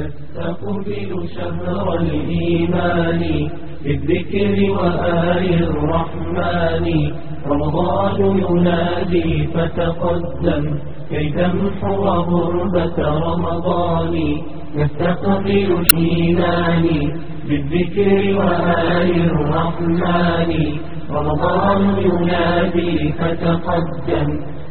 نستقبل شهر الإيمان بالذكر وآل الرحمن رمضان ينادي فتقدم كي تمحو غربة رمضان نستقبل الإيمان بالذكر وآل الرحمن رمضان ينادي فتقدم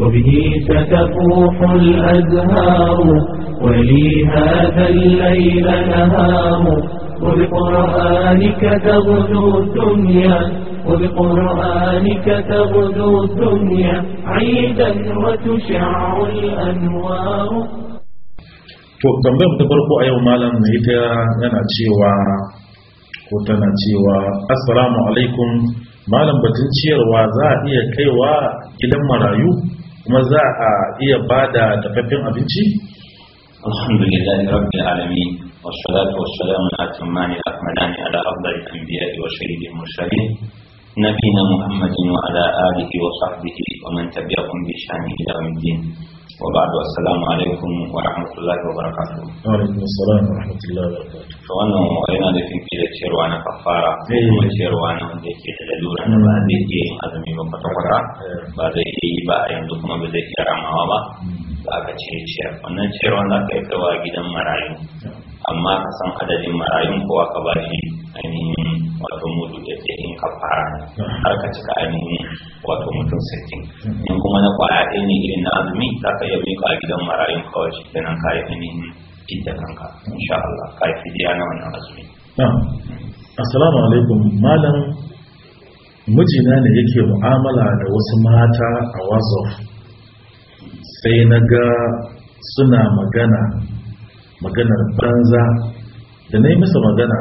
وبه ستفوح الأزهار ولي هذا الليل نهار وبقرآنك تغدو الدنيا وبقرآنك تغدو الدنيا عيدا وتشع الأنوار to tambayar ta farko a yau malam ita yana cewa ko tana cewa assalamu alaikum malam batun ciyarwa za a iya kaiwa gidan marayu kuma za a iya ba da tafaffin abinci? alhamdulillah rabbil alamin والصلاة والسلام الأتمان الأكملان على أفضل الأنبياء وسيد المرسلين نبينا محمد وعلى آله وصحبه ومن تبعهم بشان إلى الدين wa ba da wasu alaikum wa rahmatullahi wa barakatu wa rahmatullahi wa rahmatullahi wa barakatu wannan wani na nufin fiye da cewa na kafara zai yi wani cewa na wanda yake da lura na ba zai yi yin azumi ba kwatakwara eh. ba zai yi yi ba yanzu kuma ba zai kira ba ba hmm. a kace cewa wannan cewa na kai kawa gidan marayu amma ka san adadin marayu kowa ka ba shi ainihin wato mutu da kafara hmm. har ka cika ainihin wato mutum sakin wani ɗaya ne irin na azumi za ka iya miƙa a gidan marayun kawai shi kenan ka yi ainihin idda kanka insha Allah ka yi fidiya na wannan azumi. Assalamu alaikum malam mijina ne yake mu'amala da wasu mata a Wazof sai na ga suna magana maganar banza da na yi masa magana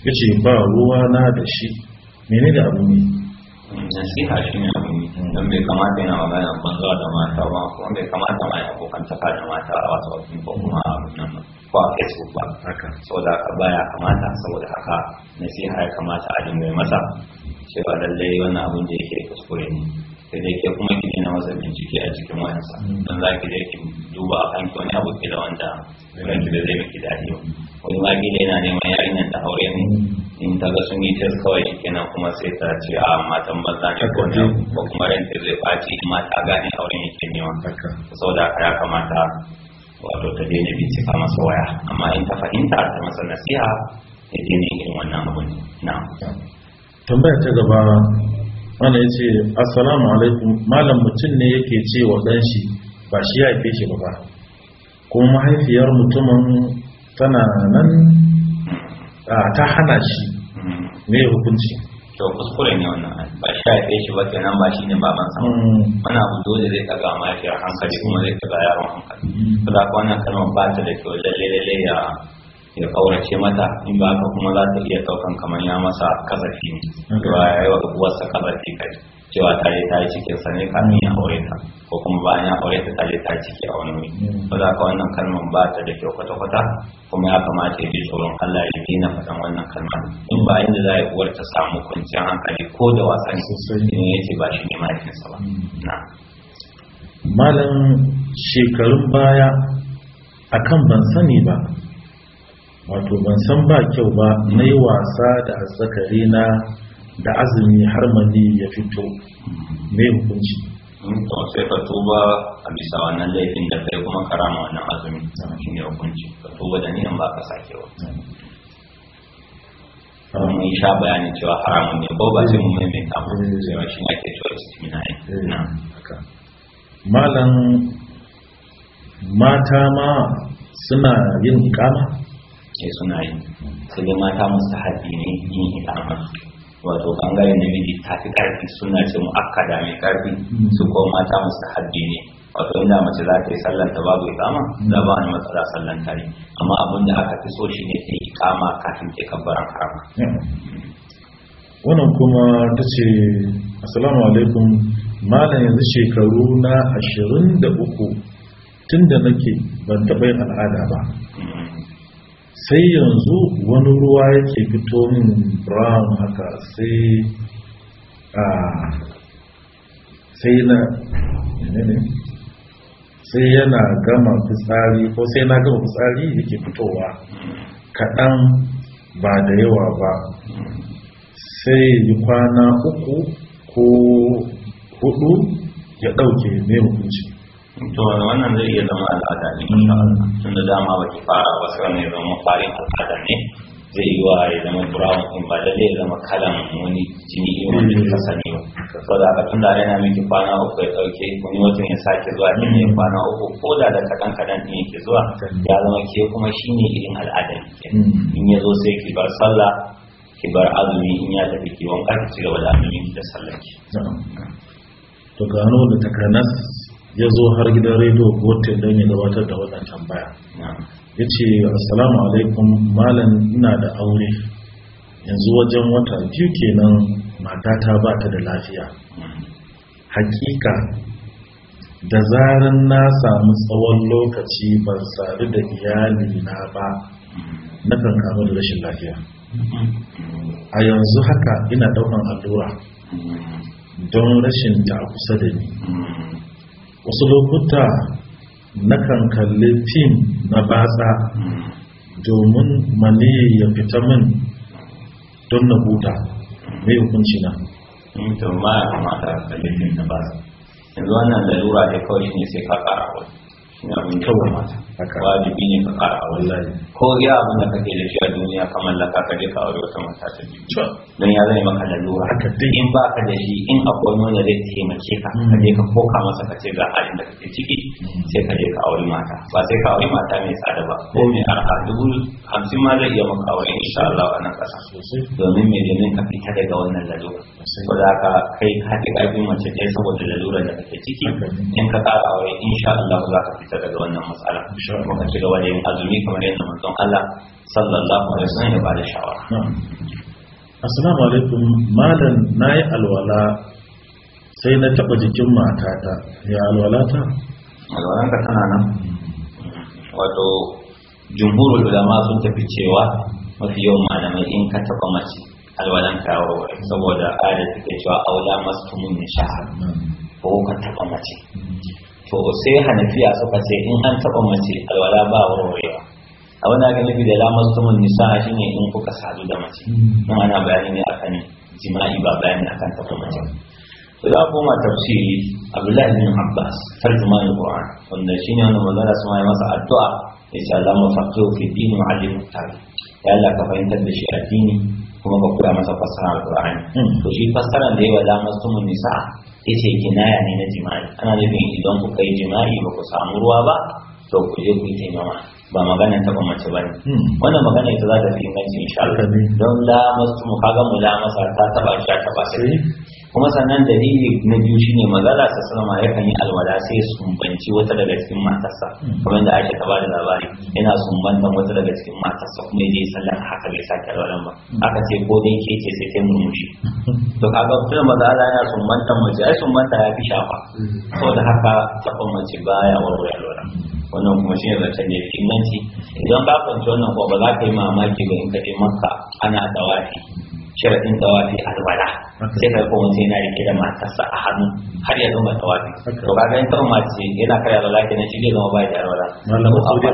ya ce ba ruwa na da shi menene abu ne nasiha shi ne don bai kamata yana magana banza da mata ba kuma bai kamata ma ya abokan da mata a wasu wasu ko kuma abin nan ko a facebook ba saboda haka baya kamata saboda haka nasiha ya kamata a dinga masa cewa lallai wannan abun da yake kuskure ne da dai ke kuma ki na masa bincike a cikin wayansa mm. don za ki ki duba a kanki wani abu da wanda ranki da zai miki daɗi ba wani ma da yana neman yarinyar da aure ne in ta ga sun yi test kawai shi kenan kuma sai ta ce a ah, matan maza ne ko ne ko kuma ranta zai ɓaci ma ta gane auren yake nema saboda ya kamata wato ta daina bincika masa waya amma in ta fahimta ta masa nasiha ya daina irin wannan ne na tambaya ta gaba wanda ya ce assalamu alaikum malam mutum ne yake ce wa ɗan shi ba shi ya haife shi ba kuma mahaifiyar mutumin tana nan ta hana shi ne hmm. hukunci to kuskure ne wannan ba sha ɗaya shi ba kenan ba shi ne baban sa mana hmm. abu dole zai daga a hankali kuma zai daga yaron hankali to da ka wannan kalmar ba ta da kyau lalle lalle ya ya kaurace mata in ba kuma za ta iya daukan kamar ya masa kazafi ne ba hmm. ya yi wa uwarsa kazafi kai cewa ta yi ta yi cikin sa ne kafin ya aure ta ko kuma bayan ya aure ta taje ta ciki a wani wuri za hmm. ka wannan kalmar ba ta da kyau kwata-kwata kuma ya kamata ya ji tsoron Allah ya na fatan wannan kalmar. in ba inda za a uwar ta samu kwanciyar hankali ko da wasa ne yace ba shi ne mahaifinsa ba hmm. na malam shekarun baya akan ban sani ba wato ban san ba kyau ba na yi wasa da azzakari na da azumi har mani ya fito mai hmm. hukunci sai ka tuba a bisa wannan laifin da kai kuma karama wannan azumi shi ne hukunci ka tuba da niyan ba ka sake wa mun sha bayani cewa haramun ne ko ba sai mun maimaita ba cewa shi ake cewa istimnai na malam mata ma suna yin kama eh suna yi sai mata musu haɗi ne yin ikama wato bangaren namiji ta fi ƙarfi suna ce mu mu'akkada mai karfi hmm. su ko mata musu haddi ne wato inda mace za ta yi sallanta babu ikama za hmm. ba ni matsala ta ne amma abin da aka fi so shi ne ta ikama kafin ke kabbaran harama. wannan kuma ta ce assalamu alaikum malam yanzu shekaru na ashirin da uku tun nake ban taɓa al'ada ba hmm. sai yanzu wani ruwa yake fito min brown haka sai a sai na ne sai yana gama fitsari ko sai na gama fitsari yake fitowa kaɗan ba da yawa ba sai yi kwana uku ko hudu ya ɗauke mai hukunci to wannan zai iya zama al'ada ne tun da dama ba ki fara ba sai ya zama farin al'ada ne zai yi wa ya zama brown in ba da ya zama kalan wani jini irin wanda ka sani ba da haka tun da yana miki kwana uku ya dauke wani watan ya sake zuwa shi ne kwana uku ko da da kadan kadan din yake zuwa ya zama ke kuma shi ne irin al'ada ne hmm. in ya zo sai ki bar sallah ki bar azumi in ya tafi ki wanka ki ci gaba da azumin da sallah to gano da takarnas ya zo har gidan rediyo gotel don ya gabatar da wannan tambaya ya ce assalamu alaikum malam ina da aure yanzu wajen wata biyu kenan matata ba ta da lafiya hakika da zaran na samu tsawon lokaci ban sadu da iyali na ba na kan kamar da rashin lafiya a yanzu haka ina daukan allura don rashin ta kusa da ni wasu lokuta kan kalli fim na batsa domin mani ya fita min don na huta mai hukunci na in ma ya kamata a kalli fim na batsa yanzu wannan lalura ne kawai ne sai ka kara wani ina abin kawai mata wajibi ne ka kara auren zai ko ya abin da kake da shi a duniya ka mallaka ka je ka aure wata mata ta biyu don ya zai maka lalura in ba ka da shi in akwai wanda zai taimake ka ka je ka koka masa ka ce ga halin da kake ciki sai ka je ka aure mata ba sai ka aure mata mai tsada ba ko mai arha dubu hamsin ma zai iya maka aure insha Allah a nan kasa domin mai domin ka fita daga wannan lalura ko da ka kai ka ji mace ɗaya saboda lalurar da kake ciki in ka kara aure insha Allah za ka fita daga wannan matsala muka ci gaba azumi kamar yadda manzon Allah sallallahu alaihi wasallam ya bada shawara assalamu alaikum malam nayi alwala sai na taba jikin matata ya alwala ta tana nan wato jumhurul ulama sun tafi cewa mafi yawan malamai in ka taba mace alwalan ka saboda ayat take cewa aula mastumun nishah ko ka taba mace mm. to sai hanafiya suka ce in an taba mace alwala ba warwarewa a wani aka da lamar tumun nisa shine in kuka sadu da mace kuma mm. ana bayani ne akan jima'i ba bayani akan taba mace to za koma tafsiri abdullahi bin abbas tarjuman quran wanda shine wanda manzon sama ya masa addu'a ya ce Allah mafaqihu fi din wa alim ya Allah ka fahimtar da shi addini kuma ka koya masa fasara alqur'ani mm. to shi fasaran da yawa lamar tumun nisa ya ce kinaya ne na jima'i ana nufin idan ku kai jima'i ba ku samu ruwa ba to ku je ku yi ba magana ta ba mace bane hmm. wannan magana ita za ta fi inganci insha Allah don la mu kaga mu la masa ta taba shi ta ba sai eh. kuma sannan dalili na biyu shine manzala sa sallama yakan yi alwala sai ya sumbanci wata daga cikin matarsa kamar yadda ake ta bada labari yana sumbantan wata daga cikin matarsa kuma ya je sallan haka bai sake alwalan ba aka ce ko dai ke ce sai kai murmushi to kaga tun magana yana sumbantan mace ai sumbanta ya fi shafa saboda haka taɓa mace baya warware alwala wannan kuma shi ne da fi inganci idan ka kwanci wannan ko ba za ka yi mamaki ba in ka je maka ana tsawafi sharaɗin tsawafi alwala sai ka ko mutum yana rike da matarsa a hannu har ya zama tawafi to kaga in tawo mace yana kai da lafiya na shige zama bai da alwala bai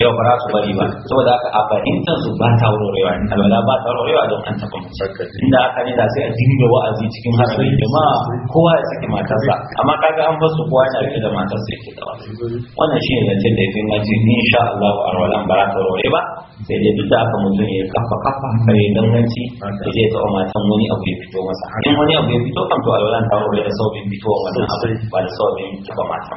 yau fara su bari ba saboda haka a fahimtar su ba ta wurewa alwala ba ta wurewa don an tafi mace inda aka ne da sai a dinga wa'azi cikin hasali jama'a kowa ya saki matarsa amma kaga an basu kowa yana rike da matarsa yake tawafi wannan shi ne zancen da yake fi mace insha Allah a alwalan ba ta wurare ba sai dai duk da aka mutum ya kafa kafa kare danganci da zai taɓa matan wani abu ya fito masa in wani abu ya fito kan to alwalan ta wuri da sauƙin fitowa wannan abu ba da sauƙin ba mata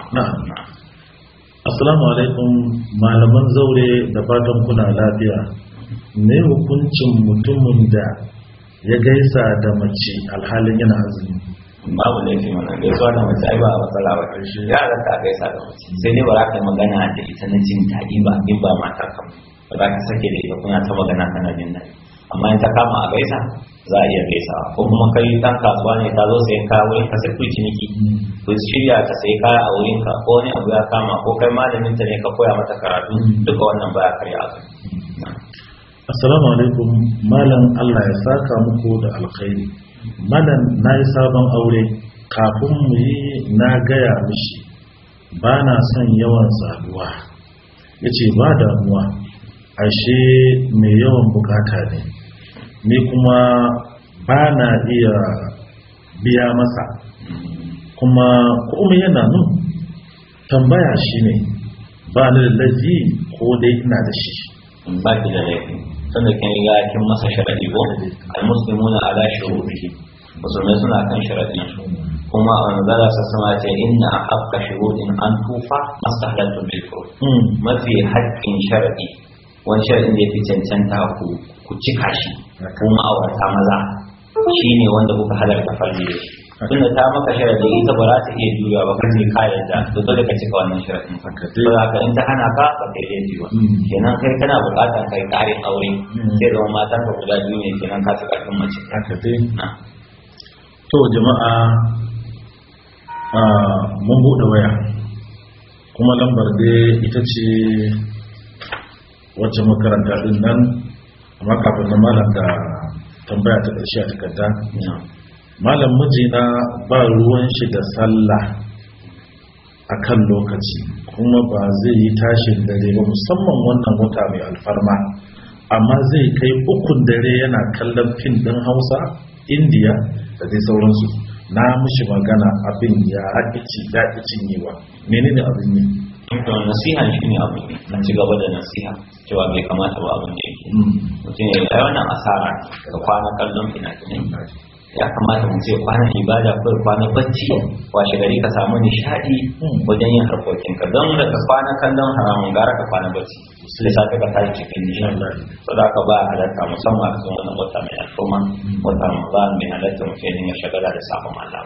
assalamu alaikum malaman zaure da fatan kuna lafiya ne hukuncin mutumin da ya gaisa da mace alhalin yana azumi babu laifi wannan gaisuwa da mace ai ba a matsala ba ya halatta a gaisa da mace sai ne ba za ka magana da ita na jin daɗi ba in ba matar ka ba za ka sake da ita kuna ta magana kana jin daɗi amma in ta kama a gaisa za a iya gaisa ko kuma kai dan kasuwa ne ta zo sai kaya wurin ka sai ku ciniki ku shirya ta sayi kaya a wurin ka ko ne abu ya kama ko kai malamin ta ne ka koya mata karatu duka wannan baya karya a kai assalamu alaikum malam Allah ya saka muku da alkhairi malam na yi sabon aure kafin mu yi na gaya mishi ba na son yawan saduwa ya ce ba damuwa ashe mai yawan bukata ne ni kuma ba na iya biya masa kuma komai yana nun tambaya shi ne ba ni da ko dai ina da shi ba ki da laifi sanda kin riga kin masa sharadi ko na ala shuruɗi musulmai suna kan sharadin kuma a manzara sa sama ce inna a haƙƙa shuruɗin an tufa masa halattun bilfur hmm. mafi haƙƙin sharadi wani shirin da ya fi cancanta ku cika shi ko ma'aurata maza shi ne wanda kuka halarta farni da shi tunda ta maka da ita ba za ta iya juya ba kan ne kayan da to dole ka cika wannan ba za ka in ta hana ka ba kai iya juya hmm. kenan kai kana buƙatar kai ƙarin aure hmm. sai zama matan ka guda biyu ne kenan ka ci ƙarfin mace to jama'a ah, mun buɗe waya kuma lambar dai ita ce wacce makaranta din nan amma kafin na malam da tambaya ta ƙarshe a takarda malam mijina ba ruwan shi da sallah a kan lokaci kuma ba zai yi tashin dare ba musamman wannan wata mai alfarma amma zai kai ukun dare yana kallon fim ɗin hausa indiya da dai sauransu na mishi magana abin ya haƙi ci ya cinyewa menene abin yi nasiha shi ne abu a ci gaba da nasiha cewa bai kamata ba abin da yake mm. mutum ya yi wannan asara ga kwana kallon fina ne ya kamata mu ce kwana ibada ko kwana bacci washe gari ka samu nishadi mm. wajen yin harkokin ka don ka kwana kallon haramun gara ka kwana bacci sai sa ka tashi cikin nishadi to da ka ba halatta musamman a cikin wannan wata mai alfuma mm. wata ramadan mai halatta mutum ya shagala da sabon Allah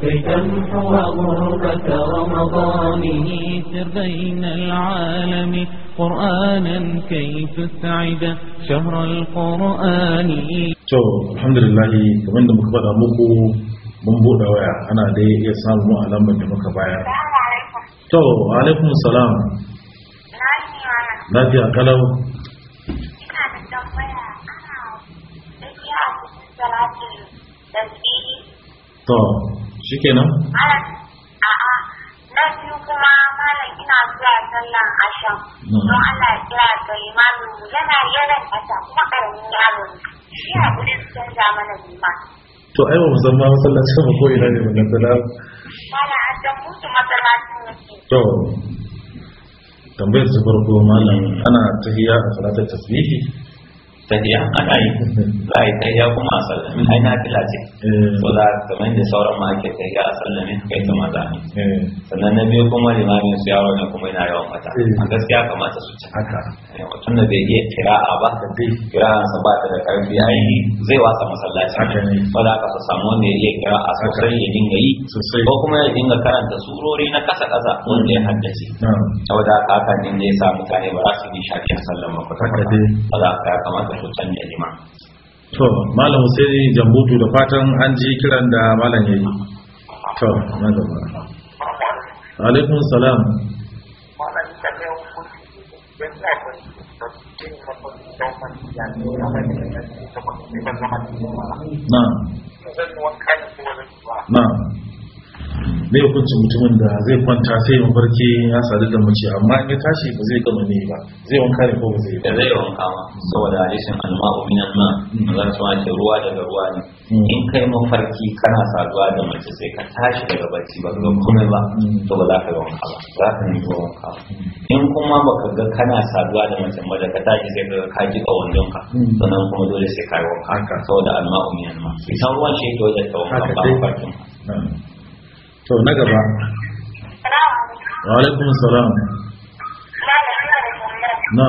كي تمحو غربة رمضانه سر بين العالم قرآنا كي تسعد شهر القرآن شو الحمد لله كمان دمك بدأ مكو بمبو دوايا أنا دي يسال مؤلم من السلام عليكم شو عليكم السلام لا يا غلو طيب shikenan a'a na biyu kuma malam ina zuwa sallan asha don Allah ya kira ga imamin mu yana yana asha kuma karamin yaro shi shi hakuri su canza mana liman to ai ba mu zama ma masallacin mu ko ina ne mun tsala mala an dan mutu masallacin ne to tambayar ta farko malam ana tahiyya a salatar tasbihi tahiya a yi za a yi kuma a sallame ai na fila ce eh. so za a kamar da sauran ma ake tahiya a sallame kai ta maza. za eh. sannan na biyu kuma limamin su yaro ne kuma yana yawan mata. Eh. a gaskiya kamata su ci haka mutum da bai iya kira'a ba kira'a sa ba ta da karfi yi zai wasa masallaci ba za ka su samu ne iya kira'a sosai ya dinga yi ko kuma ya dinga karanta surori na kasa kasa wanda ya haddace saboda haka hakan ne ya sa mutane ba za su yi shafi a sallama kwata-kwata ba za ka kamata hukuncen nema to malam sai jambutu da fatan an ji kiran da malam ya yi to na gaba alaikun salam na na mai hukuncin mutumin da zai kwanta sai ya mafarki ya sadu da mace amma in ya tashi ba zai gama ne ba zai wanka ne ko ba zai ba zai wanka ma saboda hadisin alma'u min alma zan so ce ruwa daga ruwa ne hmm. in kai mafarki kana saduwa da mace sai ka tashi daga barci ba ga komai ba hmm. to ba za ka ga wanka ba za ka yi wanka hmm. in kuma ba ka ga kana saduwa da mace ba da ka tashi sai ka ka ji kawon ka sannan kuma dole sai ka yi wanka saboda alma'u min alma sai ruwan shi ta wajen ta wanka ba mafarkin to na gaba wa alaikum salam Na.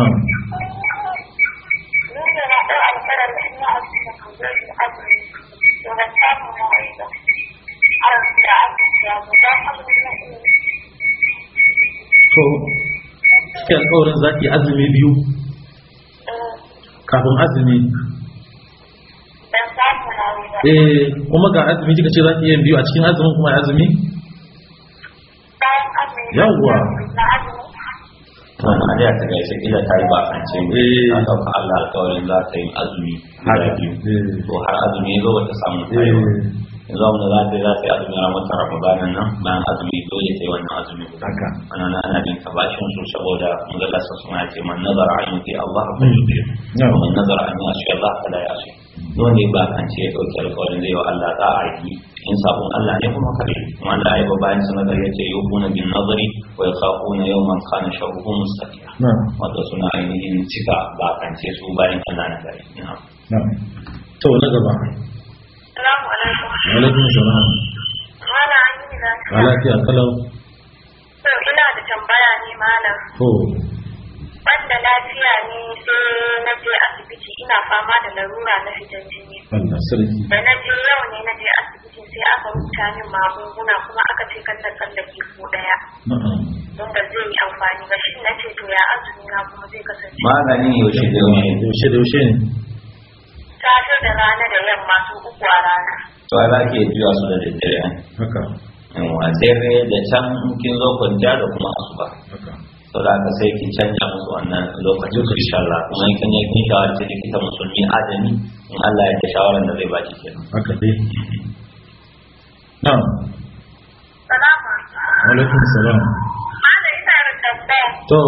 to cikin alƙawarin za azumi biyu kafin azumi eh kuma ga azumi kika ce za ki yin biyu a cikin azumin kuma azumi yawwa wannan ariya ta gaishe kila eh. ta yi ba a ce a ɗauka Allah alƙawarin za ta yi azumi har biyu eh. to har azumi zo ba ta samu tayi eh. yanzu abin da za ta yi za ta yi azumi a watan bayan nan bayan azumi dole ta yi wannan azumi haka ana na ana bin ka bashin su saboda lasa suna ce man nazara an yi Allah yi yuti man nazara an yi Allah fa la yasi dole ba kan ce ya ɗauki alƙawarin zai wa Allah ta a yi in sabon Allah ne kuma kare kuma Allah ya bayan sana da yace yuhuna bin nazari wa yakhafuna yawman kana sharruhu mustatira wato suna ainihin cika ba kan ce su bayan Allah na kare to na gaba assalamu alaikum wa alaikum assalam mala an yi ina da tambaya ne malam Wanda lafiya ne sai na je asibiti ina fama da larura na fitar jini da na je yau ne na je asibiti sai aka rubuta min magunguna kuma aka ce kan na tsallake ko daya wanda zai yi amfani ba shi na ce to ya azumi na kuma zai kasance maganin yaushe da yaushe da yaushe ne tafi da rana da yamma su uku a rana to ala ke juya su da daddare haka Wa sai da can kin zo kwanciya da kuma asuba saboda haka sai ki canja musu wannan lokacin su insha Allah kuma in kan yakin shawara ce likita musulmi adami in Allah ya ta shawaran da zai ba ki kenan haka dai na'am salama alaikum salam malai ina da tambaya to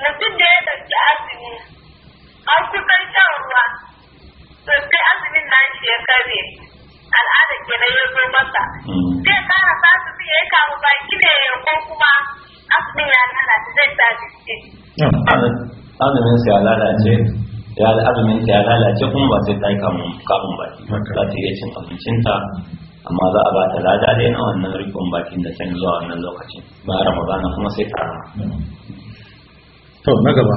mutum da ya dauki azumi an fi kan shan ruwa sai azumin nashi ya kare Al'ada kenan ya zo masa hmm. zai kara sa su ya kawo baki ne ya ko kuma azumin ya lalace zai sa shi hmm. azumin sa ya lalace ya azumin ta ya lalace kuma ba sai ta yi kamun baki za ta iya cin abincinta amma za a ba ta lada dai na wannan rikon bakin da can zuwa wannan lokacin ba a ramadana kuma sai ta rama hmm. to na gaba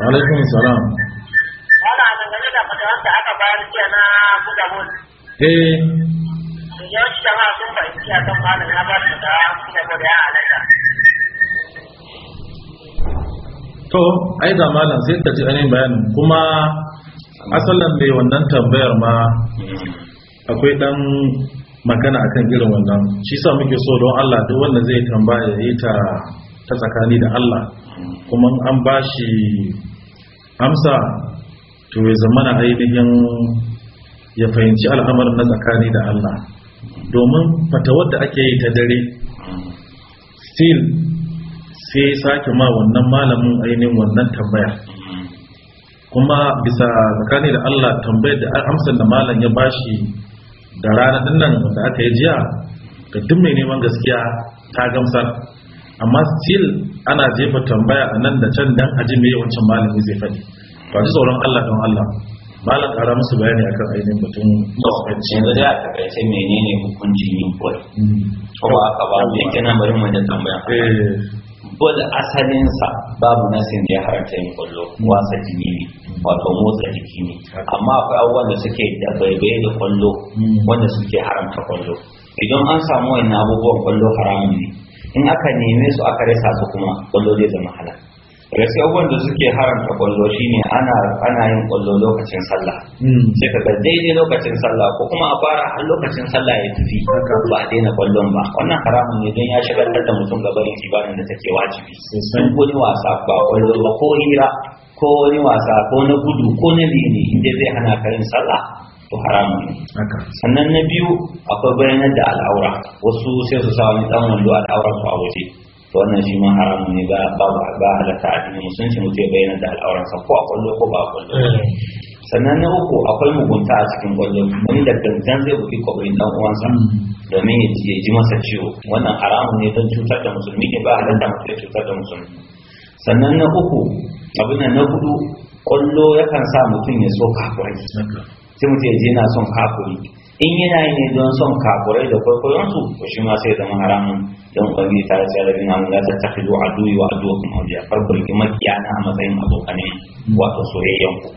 alaikum salam wala dangane da fatawar da aka bayar jiya na buga mun eh yawanci sun fahimci a kan ba da ya halatta to ai da malam sai ka ji ainihin bayanin kuma asalin mai wannan tambayar ma akwai ɗan magana akan irin wannan shi sa muke so don Allah duk wanda zai tambaya ya ta ta tsakani da Allah kuma an bashi amsa to ya zamana ainihin ya fahimci al'amarin na tsakani da Allah domin fatawar da ake yi ta dare still sai sake ma wannan malamin ainihin wannan tambaya kuma bisa tsakani da Allah tambayar da amsar da malam ya bashi da rana dinnan da aka yi jiya ga duk mai neman gaskiya ta gamsar amma still ana jefa tambaya a nan da can dan aji mai yawancin malami zai faɗi ba ji sauran Allah don Allah malam kara musu bayani akan ainihin batun lokaci yanzu da aka kace menene hukuncin yin bol hmm. ko aka ba mu yake nan bari mu da tambaya bol eh. asalin sa babu nasin da ya haramta yin kwallo wasa jini ne hmm. wato motsa jiki ne amma akwai abubuwan da suke da baibaye da kwallo hmm. wanda suke haramta kwallo idan an samu wani abubuwan kwallo haramun ne in aka neme su aka rasa su kuma kwallo zai zama halal gaske abubuwan da suke haramta kwallo shine ana ana yin kwallo lokacin sallah hmm. sai ka ga daidai lokacin sallah ko kuma a fara har lokacin sallah ya tafi ba a daina kwallon ba wannan haramun ne don ya shigar da mutum gabarin ibadan da take wajibi sun wani wasa ba kwallo ba ko hira ko wani wasa ko na gudu ko na lini inda zai hana ka yin sallah to haramun ne sannan na biyu akwai bayanan da al'aura wasu sai su sa wani dan wando al'aura su a waje wannan shi ma haramu ne ba ba ba halatta a cikin musulunci mutum ya bayyana da sa ko a kwallo ko ba a kwallo eh. sannan na uku akwai mugunta a cikin kwallo wani da dangan zai buki kwabarin dan uwansa hmm. domin ya ji masa ciwo wannan haramu ne don cutar da musulmi ne ba halatta mutum ya cutar da musulmi sannan na uku abin na hudu kwallo yakan sa mutum ya so kafirai sai mutum ya je yana son kafuri in yana yi ne don son kafurai da kwaikwayon su to shi ma sai zama haramun don ubangi ta da rabin an la ta takhdu aduwi wa aduwakum awliya farkul makiyana a matsayin abokane wato soyayyen ku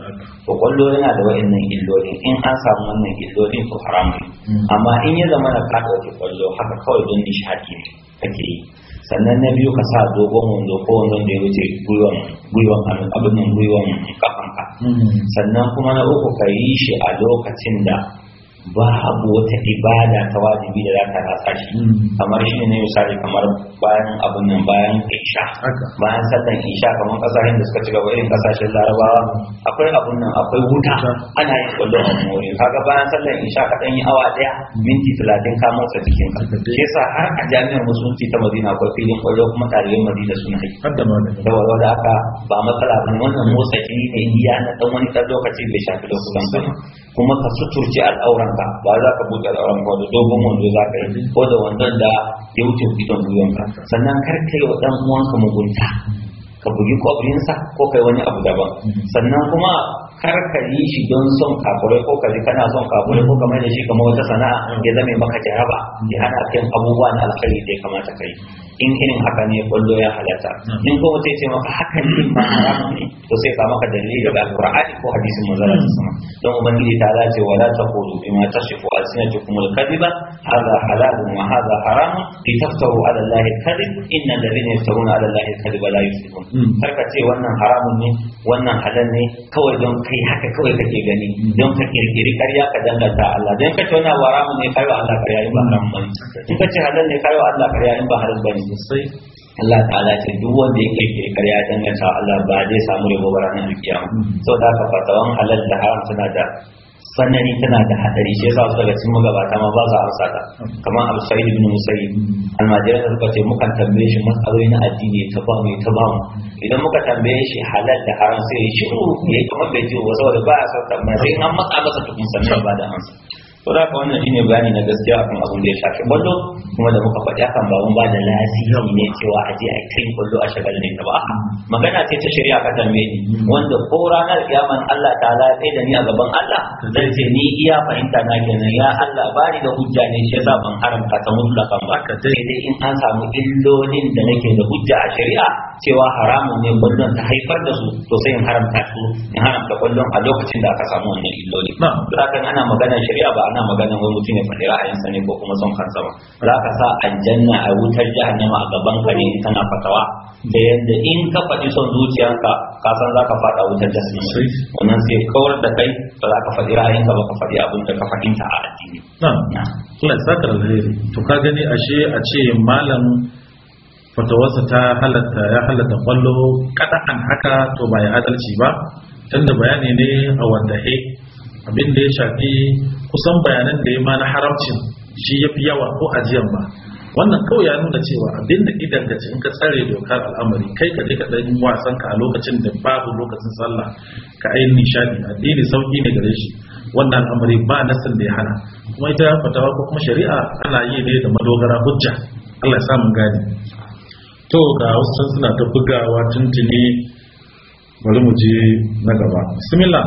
to kwallo yana da wa'annan illoli in an samu wannan illolin to haramun mm. amma in ya zama na ka dauke kwallo haka kawai don nishadi ne kake yi sannan na biyu ka sa dogon wando ko wandon da ya wuce gwiwan gwiwan abin gwiwan kafanka hmm. sannan kuma na uku ka yi shi a lokacin da babu wata ibada ta wajibi da za ka rasa shi hmm. kamar shi ne misali kamar bayan abun nan bayan isha bayan sallan isha kamar kasashen da suka ci gaba irin kasashen larabawa akwai abun nan akwai wuta ana yin a mori kaga bayan sallan isha ka dan yi awa daya hmm. minti talatin ka motsa jikin ka yasa har a jami'ar musulunci ta madina akwai filin kwallo kuma tarihin madina suna yi da walwa da aka ba matsala ba wannan motsa jini ne iya na dan wani dan lokaci bai shafi lokutan kuma ka suturci al'auran ka ba za ka buɗe da ka da dogon wando za ka yi ko da wandon da ya wuce gidan ka sannan kar ka yi wa ɗan uwanka mugunta ka bugi kwabrinsa ko kai wani abu daban sannan kuma kar ka yi shi don son kafurai ko ka ji kana son kafurai ko kamar da shi kamar wata sana'a ya zame maka jaraba ya hana kan abubuwa na alkhairi da ya kamata ka yi in irin haka ne kwallo ya halatta hmm. in kuma sai ce maka hakan ne ma haramun ne to sai sa maka dalili daga alqur'ani ko hadisin manzon da sama don ubangiji ta lace wala taqulu bima tashifu alsinatukum alkadhiba hadha halalun wa hadha haramun litaftaru ala allahi alkadhib inna alladhina yaftaruna ala allahi alkadhiba la yuflihun hmm. karka ce wannan haramun ne wannan halal ne kawai don kai haka kawai kake gani hmm. don ka kirkiri ƙarya ka danganta Allah don ka ce wannan haramun ne kai wa Allah ƙarya in ba haramun bane in ka ce halal ne kai wa Allah ƙarya in ba halal bane sosai Allah ta'ala ce duk wanda yake ke karya danganta Allah ba zai samu rabo ba ranar kiyama saboda haka fatawan halal da haram tana da sanani tana da hadari shi yasa su daga cikin magabata ma ba za a sata kamar abu sa'id ibn musayyib almajiran da suka ce muka tambaye shi matsaloli na addini ta ba mu ta ba mu idan muka tambaye shi halal da haram sai ya shiru ya yi kamar bai ji wa saboda ba a sa sai an matsa masa tukun sannan ba da amsa to da ka wannan shine bayani na gaskiya akan abin da ya shafi ballo kuma da muka faɗi akan ba mun ba da lasiri ne cewa a je a yi kai ballo a shagal ne ba magana ce ta shari'a ka tambaye ni wanda ko ranar kiyaman Allah ta'ala sai da ni a gaban Allah zai ce ni iya fahimta na kenan ya Allah bani da hujja ne shi yasa ban haramta ta mutlakan ba sai dai in an samu illolin da nake da hujja a shari'a cewa haramun ne kullum ta haifar da su to sai in haramta su in haramta kullum a lokacin da aka samu wannan illoli. Don haka ana maganar shari'a ba ana magana wai mutum ya faɗi ra'ayinsa ne ko kuma son kansa ba za ka sa aljanna a wutar jahannama a gaban ka ne kana fatawa da yadda in ka faɗi son zuciyarka ka san za ka faɗa wutar jahannama wannan sai kawar da kai ba za ka faɗi ra'ayinka ba ka faɗi abin da ka fahimta a addini. Allah ya saka alheri to ka gani ashe a ce malam fatawarsa ta halatta ya halatta kwallo an haka to ba ya adalci ba tunda bayani ne a wanda he abin da ya shafi kusan bayanan da ya ma na haramcin shi ya fi yawa ko ajiyan ba wannan kawai ya nuna cewa abin da idan ka in ka tsare dokar al'amari kai ka je ka ɗan wasan ka a lokacin da babu lokacin sallah ka ayi nishadi addini sauki ne gare shi wannan al'amari ba nasin da ya hana kuma ita fatawa ko kuma shari'a ana yi ne da madogara hujja Allah ya samu gani to ga wasu suna ta bugawa tuntuni bari mu je na gaba bismillah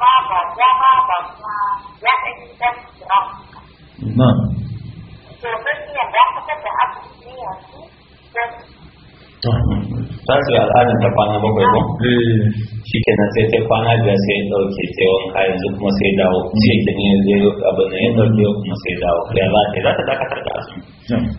Na'am. Ta al'adar ta kwana bakwai ba? Eh. Shi kenan sai sai kwana biyar sai ya ɗauke sai wanka yanzu kuma sai dawo. Sai gini zai abin da ya kuma sai dawo. Ya za ta dakatar da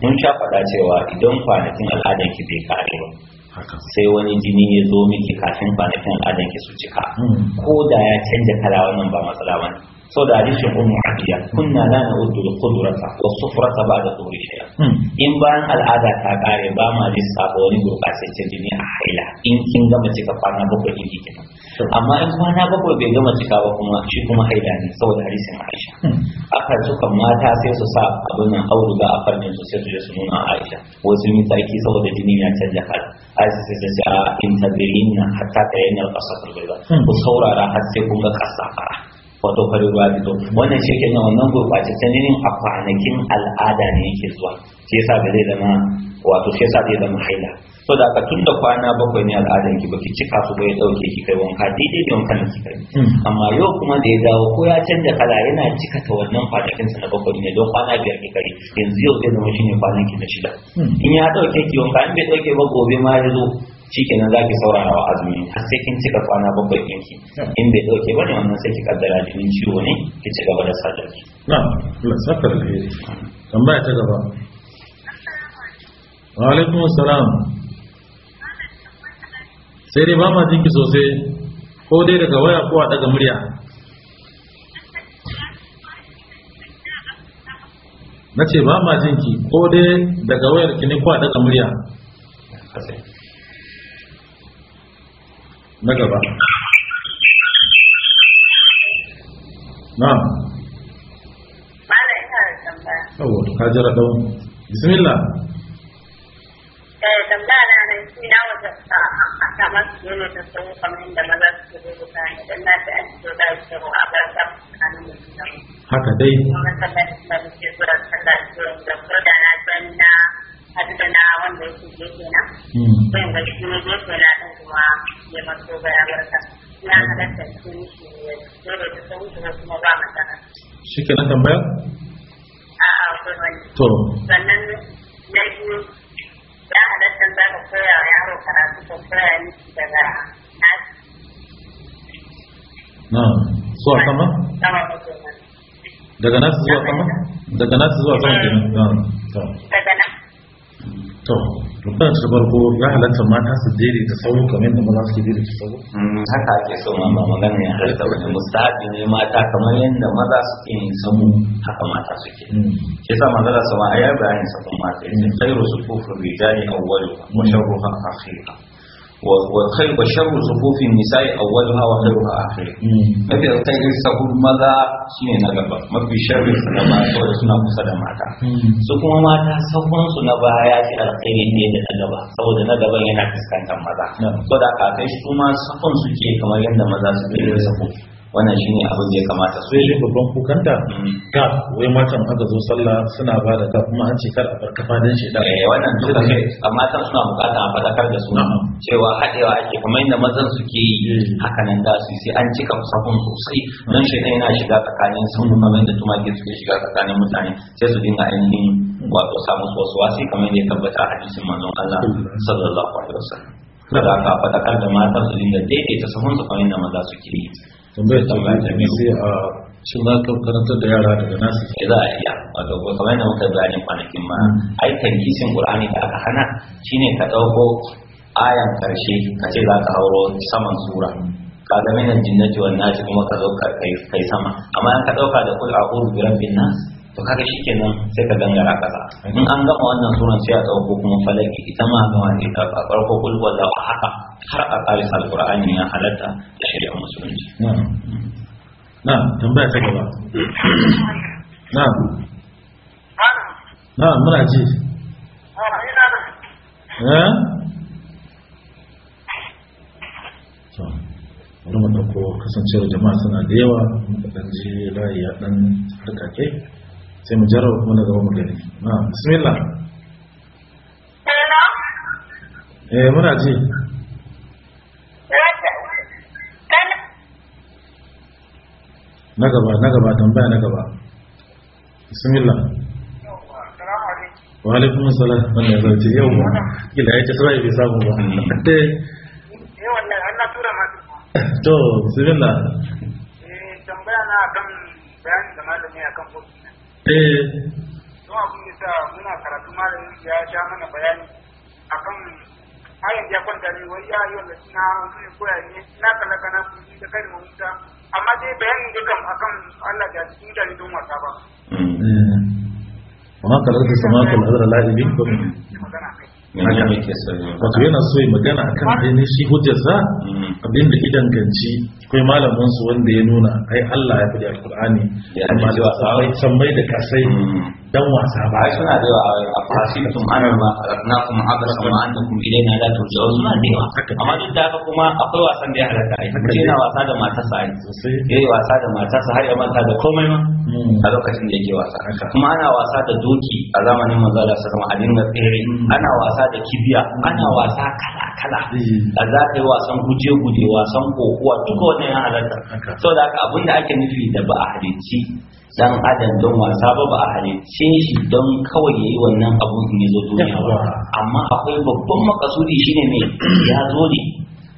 Mun sha faɗa cewa idan kwanakin al'adar ki bai kare ba. sai wani jini ya zo miki kafin kwanakin al'adan ki su cika hmm. ko da ya canja kala wannan ba matsala bane sau da hadisin ummu abiya kunna la na'uddu al-qudrata wa ba da dhuhri shay'a hmm. in bayan al'ada ta kare ba ma saba wani gurbataccen jini a haila in kin gama cika kwana bakwai in kike hmm. amma in kwana bakwai bai gama cika ba kuma shi kuma haila ne saboda hadisin aisha aka suka mata sai su sa abin nan auduga a farnin su sai su je su nuna aisha wasu yi saboda jini ya canja kala aziza intabirinna hatta ta yayin alƙasar bai ku saurara har sai kun ga ƙasa fara wato fari ruwa fito wannan shi ke nan wannan gurɓacin saninin a kwanakin al'ada ne yake zuwa shi yasa ba zai zama wato sai sa zai zama haila so da aka tun da kwana bakwai ne al'adar ki baki cika su ba ya dauke ki kai wanka daidai da wankan ki kai hmm. amma yau kuma da ya dawo ko ya canja kala yana cika ta wannan kwanakin sa na bakwai ne don kwana biyar ki kai yanzu yau zai zama shine kwanan ki na shida hmm. in ya dauke ki wanka in bai dauke ba gobe ma ya zo shikenan za ki saurara wa azumi har sai kin cika kwana bakwai ɗinki hmm. in bai ɗauke ba ne wannan sai ki kaddara jinin ciwo ne ki ci gaba da sadar na'am na safar sakar alheri tambaya ta gaba wa alaikum salam sai dai ba ma jinki sosai ko dai daga waya ko a daga murya na ce ba ma jinki ko dai daga wayar ki ne ko a daga murya na gaba Na. na'am Yawo, ka jira ɗau. Bismillah. Eh, tambaya na shi na wata a samar su nono da ta kamar yadda maza su ke zuwa kayan na ta so da ake ruwa a bar sa kanin haka dai kuma ta da muke zuwa sallar da ko da na san na hadu da na wanda yake je kenan hmm. zan ga shi ne je na ɗin kuma ya maso ga ya bar na shi ne shi ne dole da kuma kuma ba matsala shi ke na tambaya? a'a kuma to sannan na biyu الباب السابع يعني ثلاثة ساعة تباعا نعم صوت كما daga nasu zuwa sama daga nasu zuwa sama kenan na'am daga nasu to rubar ta farko ya halatta mata su jere ta sauro kamar da maza su jere da sauro mm, haka ake so ma ba magana ya halatta wani mustahabi ne mata kamar yadda maza suke yin samu haka mata suke ke mm. sa maza su ma a yi bayanin sabon mata ya yi. khairu su kufur rijali awwalu wa a akhira وخير وشر صفوف النساء اولها وخيرها اخرها mafi alkhairin sahur maza shine na gaba mafi sharrin na baya saboda suna kusa da mata hmm. su kuma mata sahun na baya shi alkhairin ne da na gaba saboda na gaban yana fuskantar maza hmm. saboda kafin su ma sahun suke kamar yadda maza suke ke da sahun wannan shine abin da ya kamata sai shi babban kukanta gab wai matan aka zo sallah suna ba da gab kuma an ce kar a bar kafa dan shi dan eh wannan duk da amma matan suna bukata a fadakar da su cewa hadewa ake kuma inda mazan suke yi eh. haka nan da su sai an cika musafin sosai dan shi yana shiga tsakanin sun kuma da tumaki suke shiga tsakanin mutane sai su dinga ainihin wato samu wasu wasi kamar yadda ya tabbata a hadisin manzon Allah sallallahu alaihi wasallam kada ka fadakar da matan su dinga daidaita sahun su kamar inda maza suke yi tambayar ta ba ta ne sai a ah, shin za ka karanta da yara daga nasu ke za a iya wato ko kamar yadda muka gane kwanakin ma ai tankisin qur'ani da aka hana shine ka dauko ayan karshe ka ce za ka hauro saman sura ka ga minan jinnati wan nasi kuma ka zo kai sama amma ka dauka da kul a'udhu bi rabbin nas to kaga shikenan sai ka gangara kaza in an gama wannan suran sai a dauko kuma falaki ita ma ga wani a farko kulwa da haka har a tsari alqur'ani ya halatta da shari'a musulunci na tambaya ta gaba na na muna ji eh so bari mu dauko kasancewar jama'a suna da yawa muka dan ji layi ya dan tsarkake sai mu jarar kuma na gaba mu gani na bismillah eh muna ji na gaba na gaba tambaya na gaba bismillah wa alaikum salam wannan zance yau ma kila yace sai bai samu ba eh wannan Allah tura ma to bismillah eh tambaya na kan bayan da malami akan eh to abin da muna karatu malamin ya sha mana bayani akan hayan ya kwanta ne wai ya yi wanda suna hankali koya ne na kalaka na da kan mamuta amma dai bayanin da akan Allah da cikin mutane don wasa ba mm. eh. wa sama kan la'ibi ko wato yana so yi magana akan ainihin shi hujjarsa mm. abin da idan ganci akwai malamin su wanda ya nuna ai Allah ya faɗi alkur'ani amma da sammai da kasai mm. dan wasa ba ai suna da a fasitum anama araknakum abasan kuma idan da to turja'un suna da yawa amma duk da haka kuma akwai wasan da ya halatta ai mutum yana wasa da matarsa ai yayi wasa da matarsa har ya manta da komai ma hmm. a lokacin da yake wasa kuma ana wasa da doki a zamanin manzo Allah sallallahu alaihi wasallam a dinga tsere hmm. ana wasa da kibiya ana hmm. wasa kala kala a za yi wasan guje guje wasan kokowa duka wannan ya halatta saboda haka abinda ake nufi da ba a halici dan adam don wasa ba ba a halitta shi don kawai yayi wannan abun in zo duniya ba amma akwai babban makasudi shine ne ya zo ne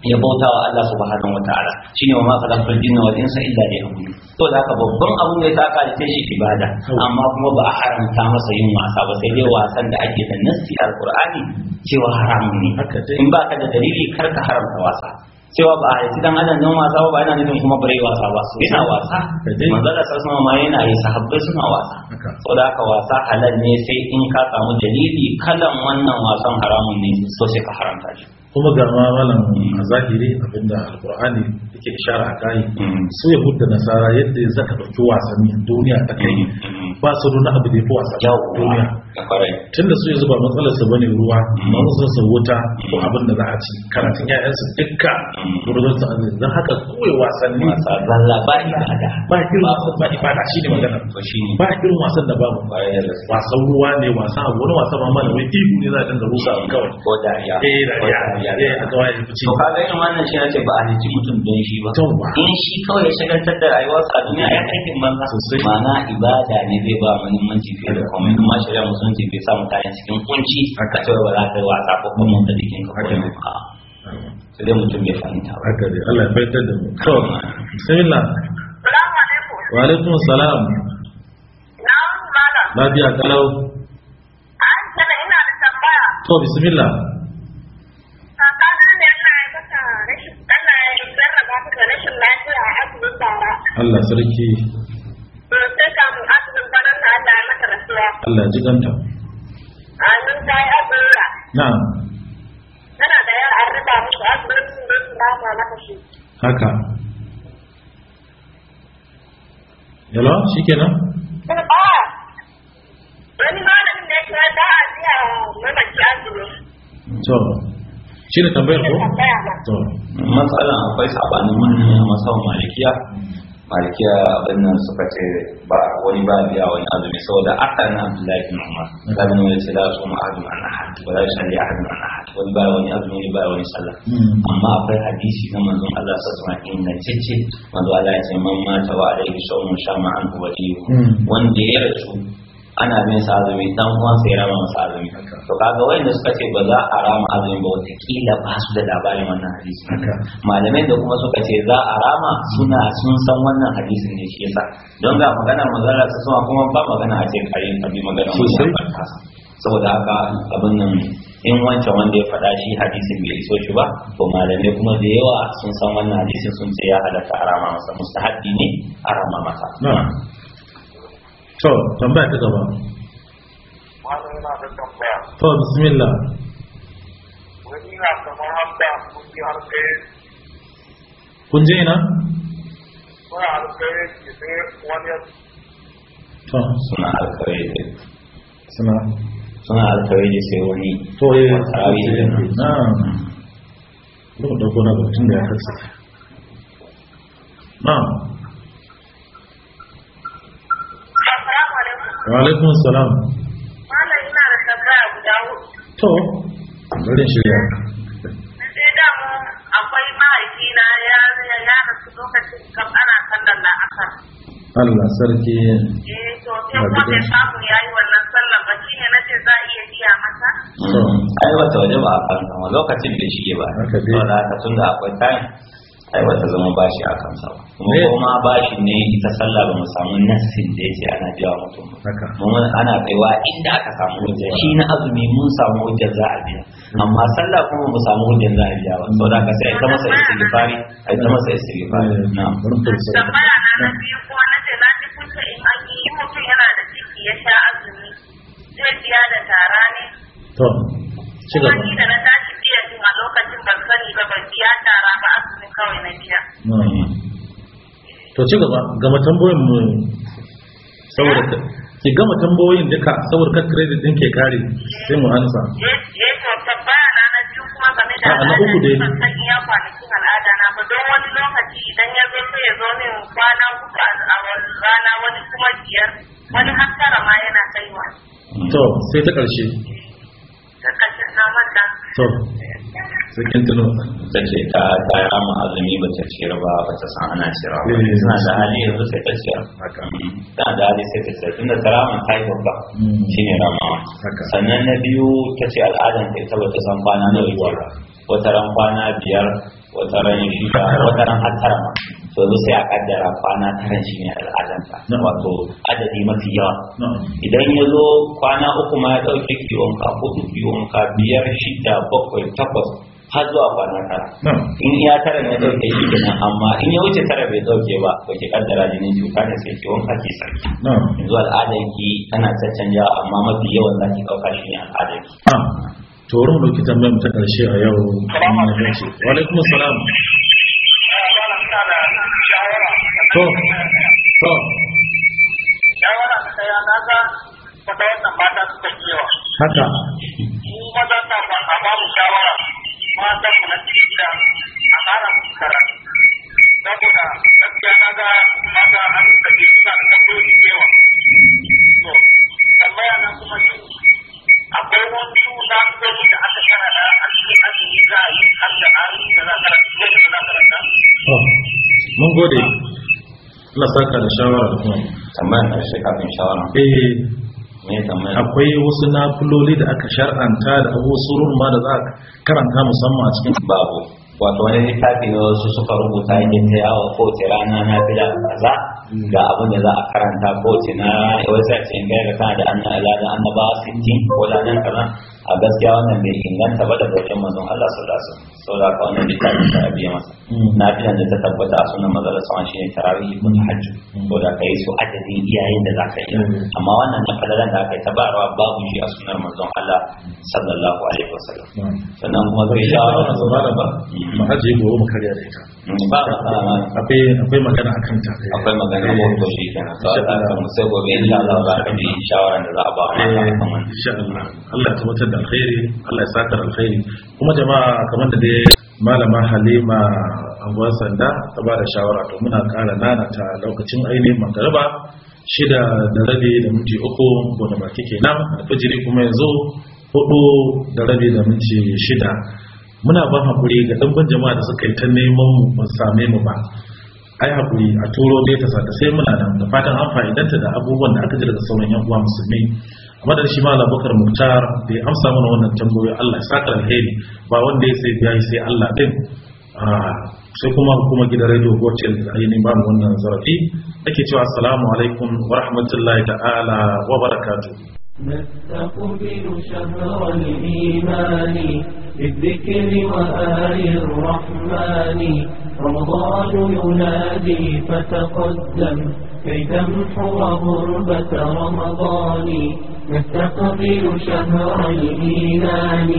ya bauta wa Allah subhanahu wa ta'ala shine wa ma khalaqal jinna wal insa illa liya'budun to da ka babban abun da ya halitta shi ibada amma kuma ba a haramta masa yin wasa ba sai dai wasan da ake da nassi alqur'ani cewa haramun ne in baka da dalili kar ka haramta wasa cewa ba a haifi dan adam nan wasa ba yana nufin kuma bare wasa ba yana wasa da sassan ma yana yi sahabbai suna wasa so da haka wasa halal ne sai in ka samu dalili kalan wannan wasan haramun ne so sai ka haramta shi kuma ga malam a zahiri abinda alkur'ani yake ishara a kai mm. su yahudda nasara yadda zaka ɗauki wasanni duniya ta kai mm. ba su nuna abu da ya fi wasa duniya tunda su yanzu ba matsalar su bane ruwa mm. ba matsalar su wuta ko mm. abin da za a ci karatun ƴaƴan su dukka gurbin su azumi dan haka kawai wasanni ba ibada ba wasan ba ibada ba irin wasan da babu wasan ruwa ne wasan a wani wasan ma wai ibu ne za a dinga rusa abu kawai ko dariya. eh eh a kawai to irin shi ba a halitta mutum shi ba in shi kawai ya shagaltar da rayuwarsa a duniya aikin ma'ana ibada ne zai ba muhimmanci fiye da komai ma shari'a musulunci bai sa mutane cikin kunci ka cewa ba za ka yi wasa ko kuma da jikin ka ka sai dai mutum bai fahimta ba haka dai Allah ya da mu to bismillah salamu alaikum wa alaikum salam lafiya kalau an ina da tambaya to bismillah Allah sarki. Sai kamun Allah ji ganta. A Hannun ta yi asirra. Na'am. Tana da yara an rika musu asibitin da su ba ma maka shi. Haka. Yalo, shi ke kenan? Ba. Ah! Wani malamin da ya ta da a siya mamaci asibitin. To, shi ne tambayar ko? ba. To, matsala akwai sabanin manyan masau malikiya malikiya abin nan suka ce ba wani ba biya wani azumi saboda aka na abdullahi bin umar labin mm. wani ce da su ma azumi an ahad ba za su an ahad wani ba wani azumi wani ba wani sallah mm. amma akwai hadisi na manzon Allah sa suna ingantacce manzo Allah ya ce man mata wa alaihi shawun shama an huwa mm. wanda ya rasu ana bin sa azumi dan uwan sai rama masa azumi to kaga wayanda suka ce ba za a rama azumi ba wata kila ba su da labarin wannan hadisi malamai da kuma suka ce za a rama suna sun san wannan hadisin ne shi yasa don ga magana manzara su suma kuma ba magana a ce kai ka bi magana sosai saboda haka abin nan in wancan wanda ya faɗa shi hadisin bai iso shi ba to malamai kuma da yawa sun san wannan hadisin sun ce ya halatta a rama masa mustahaddi ne a rama masa Tahu, tambah ke apa? Tahu, bismillah. Kunjina? Tahu. Suna al-Khawaiti. Suna. Suna al-Khawaiti sai wani. To eh. Na. Lokacin da kuna batun da ya hasa. Na. wa alaikun salam malam ina da tambaya guda hudu to bari shirya sai da mu akwai mahaifi na ya rasu lokacin kam ana sallar na asar Allah sarki eh to sai kuma mai samu yayi wannan sallar ba shi ne nace za a iya biya masa to ai wata waje ba a kan lokacin da shige ba to da ka tunda akwai time sai wata zama bashi a kansa ba kuma bashi ne ita sallah ba mu samu nassin da yake ana jiya mutum mun ana kaiwa inda aka samu hujja shi na azumi mun samu hujjar za a biya amma sallah kuma mu samu hujjar za a biya ba saboda ka sai ita masa istighfari ai ta masa istighfari na. burkun sai tambaya na biyu ko na ce za ta kunce in an yi mutum yana da ciki ya sha azumi zai biya da tara ne to ci gaba to ci gaba gama tambayoyin mu saboda ki gama tambayoyin duka saboda kar credit din ke kare sai mu hansa. yake tabbaya na biyu kuma game da na uku dai san iya al'ada na ba don wani lokaci idan ya zo sai ya zo min kwana uku a rana wani kuma biyar wani har tara ma yana kaiwa to sai ta ƙarshe. ta karshen na manta to cikin tuno ta ce ta ta amma azumi ba ta ciyar ba ba ta san ana ciyar ba suna eh. da hali yanzu sai ta ciyar tana da hali sai ta ce, tun da ta rama typhoid ba hmm. shi ne ramawa sannan na biyu ta ce al'adar ta ita ba ta san kwana na wuce ba wata ran kwana biyar wata ran shida wata ran har tara ma to yanzu sai a kaddara kwana taran shi ne al'adar ta wato adadi mafi yawa idan ya zo kwana uku ma ya ɗauke kiwon ka hudu kiwon ka biyar shida bakwai takwas har zuwa kwana tara in iya tara ne dauke shi kenan amma in ya wuce tara bai dauke ba ko ki kaddara jinin cuta ne sai ki wanka ki sarki zuwa al'adar ki tana canja amma mafi yawan zaki dauka shi ne al'adar ki to da kitan mai ta karshe a yau wa alaikum assalam to to haka maza ta ba mu shawara matan mu na cikin gida a ƙara musu karatu saboda gaskiya na ga mata an sake suna da tambayoyi da yawa to tambaya na kuma shi akwai wasu na gani da aka kara da asali asali za a yi har da an da za a wani da za a karanta. mun gode Allah saka da shawara da kuma. Tambayar ƙarshe kafin shawara. Eh akwai wasu nafiloli da aka shar'anta da abu surun ma da za a karanta musamman a cikin babu wato wani littafi ne wasu suka rubuta yake ta yawa ko ta rana na bila kaza ga abin da za a karanta ko ta na wasu a cikin da kana da annabawa sittin ko da nan kaza a gaskiya wannan bai inganta ba da zancen manzon Allah da alaihi wasallam da haka wannan duka ne ta biya masa hmm. na fi da ta tabbata a sunan manzon Allah shine tarawih ko da ka yi su adadin iyayen da zaka yi hmm. amma wannan na fadalan da aka yi tabarwa babu shi a sunan manzon Allah sallallahu alaihi wasallam hmm. sannan kuma zai sha wannan zama da ba mahaji gobe mu kariya da ita ba akwai akwai magana akan ta akwai magana ko to shi kenan to Allah sai gobe insha Allah za ka ji shawara da za a ba eh, insha Allah Allah ya tabbatar da alkhairi Allah ya saka alkhairi kuma jama'a kamar da dai malama Halima Anguwar Sanda ta ba da shawara to muna ƙara nanata lokacin ainihin magaraba shida da rabi da minti uku gona baki kenan fajiri kuma yanzu hudu da rabi da minti shida muna ban hakuri ga ɗanban jama'a da suka yi ta neman mu ba same mu ba ai hakuri a turo dai ta sai muna nan da fatan an fa'idanta da abubuwan da aka ji daga sauran yan uwa musulmi madar shi mala bakar muktar da ya amsa mana wannan tambayoyi allah ya saka alheri ba wanda ya sai biya sai allah din sai kuma hukumar gidan radio gotel da ainihin ba mu wannan zarafi ake cewa assalamu alaikum wa rahmatullahi ta'ala wa barakatu نستقبل شهر الإيمان بالذكر وآل الرحمن رمضان ينادي فتقدم كي تمحو غربة رمضان نستقبل شهر الإيمان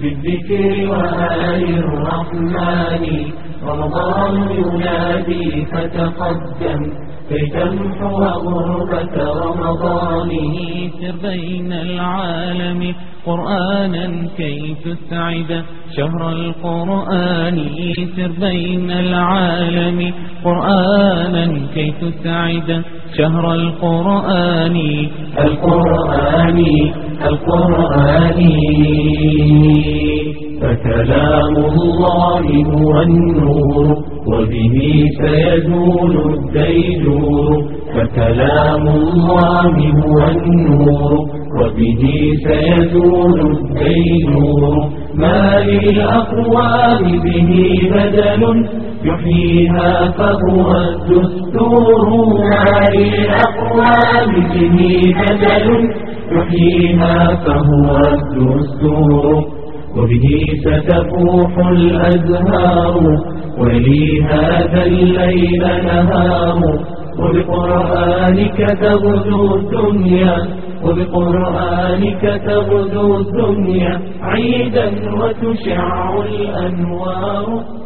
بالذكر وآل الرحمن رمضان ينادي فتقدم كي تمحو غربة رمضانه سر بين العالم قرآنا كي تسعد شهر القرآن سر بين العالم قرآنا كي تسعد شهر القرآن القرآن القرآن فكلام الله هو النور وبه سيزول الديجور فكلام الله هو النور وبه سيزول الدينور ما للأقوام به بدل يحييها فهو الدستور ما للأقوال به بدل يحييها فهو الدستور وبه ستفوح الأزهار ولي هذا الليل نهار وبقرآنك تغزو الدنيا وبقرآنك تغدو الدنيا عيدا وتشع الأنوار